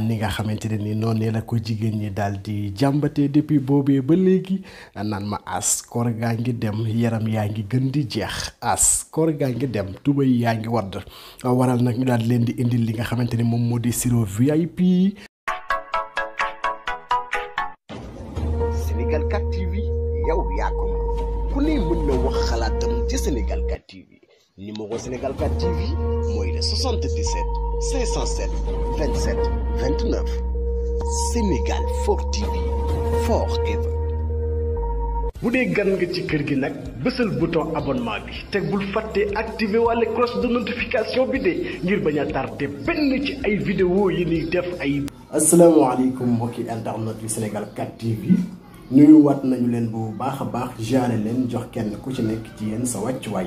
ni nga xamante ne ni noonu la ko jigéen ñi daal di jàmbatee depuis boobee ba léegi naan ma as koor gaa ngi dem yaram yaa ngi gën di jeex as koor gaa ngi dem tubéy yaa ngi wadd waral nag ñu daal leen di indil li nga xamante ni moom moo di sirop VIP. Sénégal 4 TV yow yaa ko ku ne mën na wax xalaatam ci Sénégal 4 TV numéro Sénégal 4 TV mooy le 507 27 29. Sénégal 4 TV forever. Vous dee gan nga ci kër gi nak bésal bouton abonnement bi té bul faté activer walla cloche de notification bi de ngir baña tardé benn ci ay vidéo yi ni def ay. asalaamaaleykum mbokki internet du Sénégal 4 TV nuyu wat nañu len bu baax a baax jaare leen jox kenn ku ci nek ci yéen sa way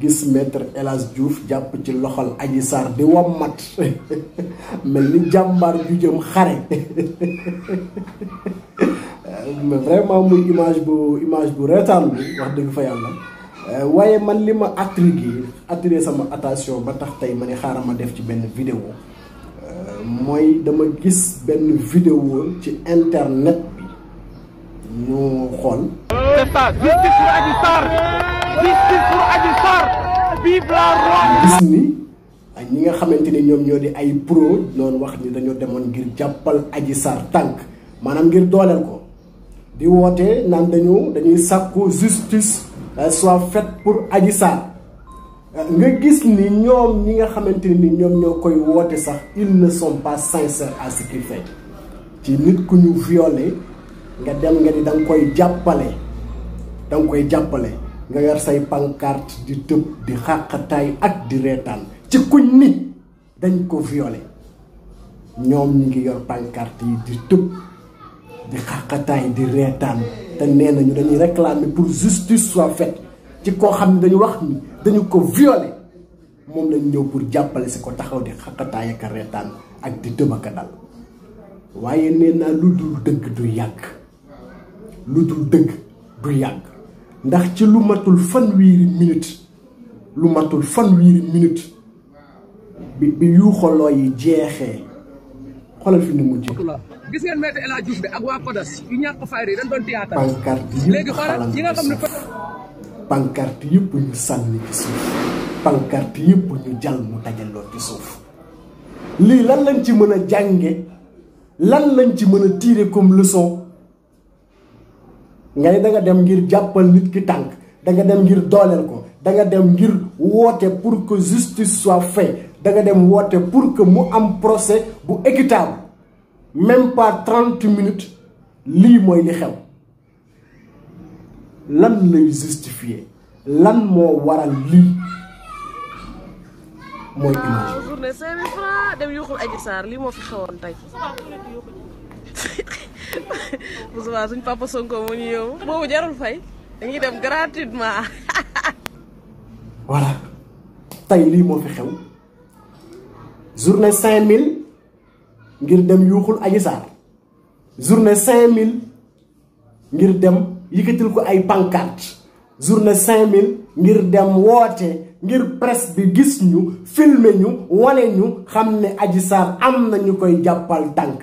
gis metre El Hadj jàpp ci loxol Adji Sarr di wammat mel ni jàmbaar ju jëm xare vraiment muy image bu image bu reetaan bi wax dëgg fa yàlla waaye man li ma attiré attiré sama attention ba tax tey ma ne xaaral ma def ci benn vidéo mooy dama gis benn vidéo ci internet bi ñu xool. c'est ça justice pour Adji Sarr. justice pour ni ay ñi nga xamante ni ñoom ñoo di ay pro loolu wax ni dañoo demoon ngir jàppal Adji Sarr tànk maanaam ngir dooleel ko di woote naan dañu dañuy sàkku justice euh, soit faite pour aji Sarr euh, nga gis ni ñoom ñi nga xamante ni ñoom ñoo koy woote sax ils ne sont pas sincères à ce qu'ils font ci nit ku ñu violé nga dem nga ni da koy jàppale da koy jàppale nga yor say pancarte di tëb di xàqataay ak di reetaan ci kuñ nit dañ ko violer ñom ñi ngi yor pancarte yi di tëb di xàqataay di reetaan te neena ñu dañuy réclamer pour justice soit faite ci ko xam dañu wax ni dañu ko violer mom lañ ñew pour jappalé ci ko taxaw di xàqataay ak ak di tëb ak dal waye neena lu dul deug du yàgg lu dul deug du ndax ci lu matul fan fanweeri minute lu matul fanweeri minute bi bi yuuxaloo yi jeexee xoolal fi mu mujj. gis ngeen Maître El Hadj Diouf bi ak waa Kodas yu ñàkk fayra yi dañ doon théâtre. pancarte yëpp xalam ci suuf pancarte yëpp ñu sànni ci suuf pancarte yëpp ñu jàll mu dajaloo ci suuf. lii lan lañ ci mën a jànge lan lañ ci mën a tiire comme leçon. ngay da nga dem ngir jàppal nit ki tànk da nga dem ngir dooleel ko danga dem ngir woote pour que justice soit faite da nga dem woote pour que mu am procès bu équitable même pas trente minutes lii mooy li xew lan lay justifier lan moo waral lii mooy image. journée cinq mille francs dem yuuxul Adji Sarr lii moo fi xewoon tey. Ousmane suñ papa Sonko moo ñu yóbbu boobu jarul fay dañuy dem gratuitement. voilà tey lii moo fi xew journée 5000 ngir dem yuuxul Adji Sarr journée 5000 ngir dem yëkkatil ko ay pancarte journée 5000 ngir dem woote. ngir presse bi gis ñu filmer ñu wane ñu xam ne Adji Sarr am na ñu koy jàppal tànk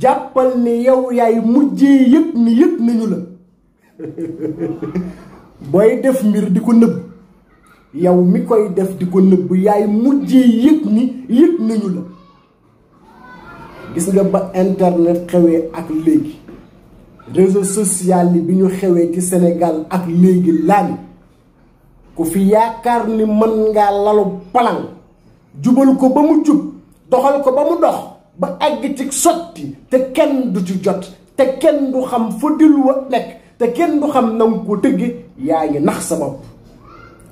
jàppal ni yow yaay mujjee yëg ni yëg nañu la booy def mbir di ko nëbb yow mi koy def di ko nëbb yaay mujjee yëg ni yëg nañu la gis nga ba internet xewee ak léegi réseau social yi bi ñu xewee ci senegal ak léegi laani ku fi yaakaar ni mën nga lalu palang jubal ko ba mu jub doxal ko ba mu dox ba àgg ci sotti te kenn du ci jot te kenn du xam fa dil wa nekk te kenn du xam na nga ko tëggi yaa ngi nax sa bopp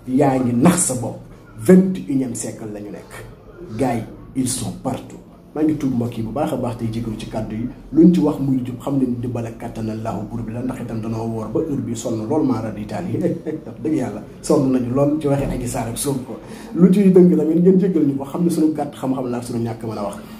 yaa ngi nax sa bopp vingt et unième siècle ñu nekk gars yi ils sont partout maa ngi tuub mbokk bu baax a baax tey jégalu ci kàddu yi ñu ci wax muy jub xam ne di bala kàttanal laahu buur bi la ndax itam danoo woor ba heure bi sonn lool maa radi taal yi dëgg yàlla sonn nañu lool ci waxee Adji Sarr ak Sonko lu ci dëng tamit ngeen jégal ñu ko xam ne suñu gàtt xam-xam laa ñàkk mën a wax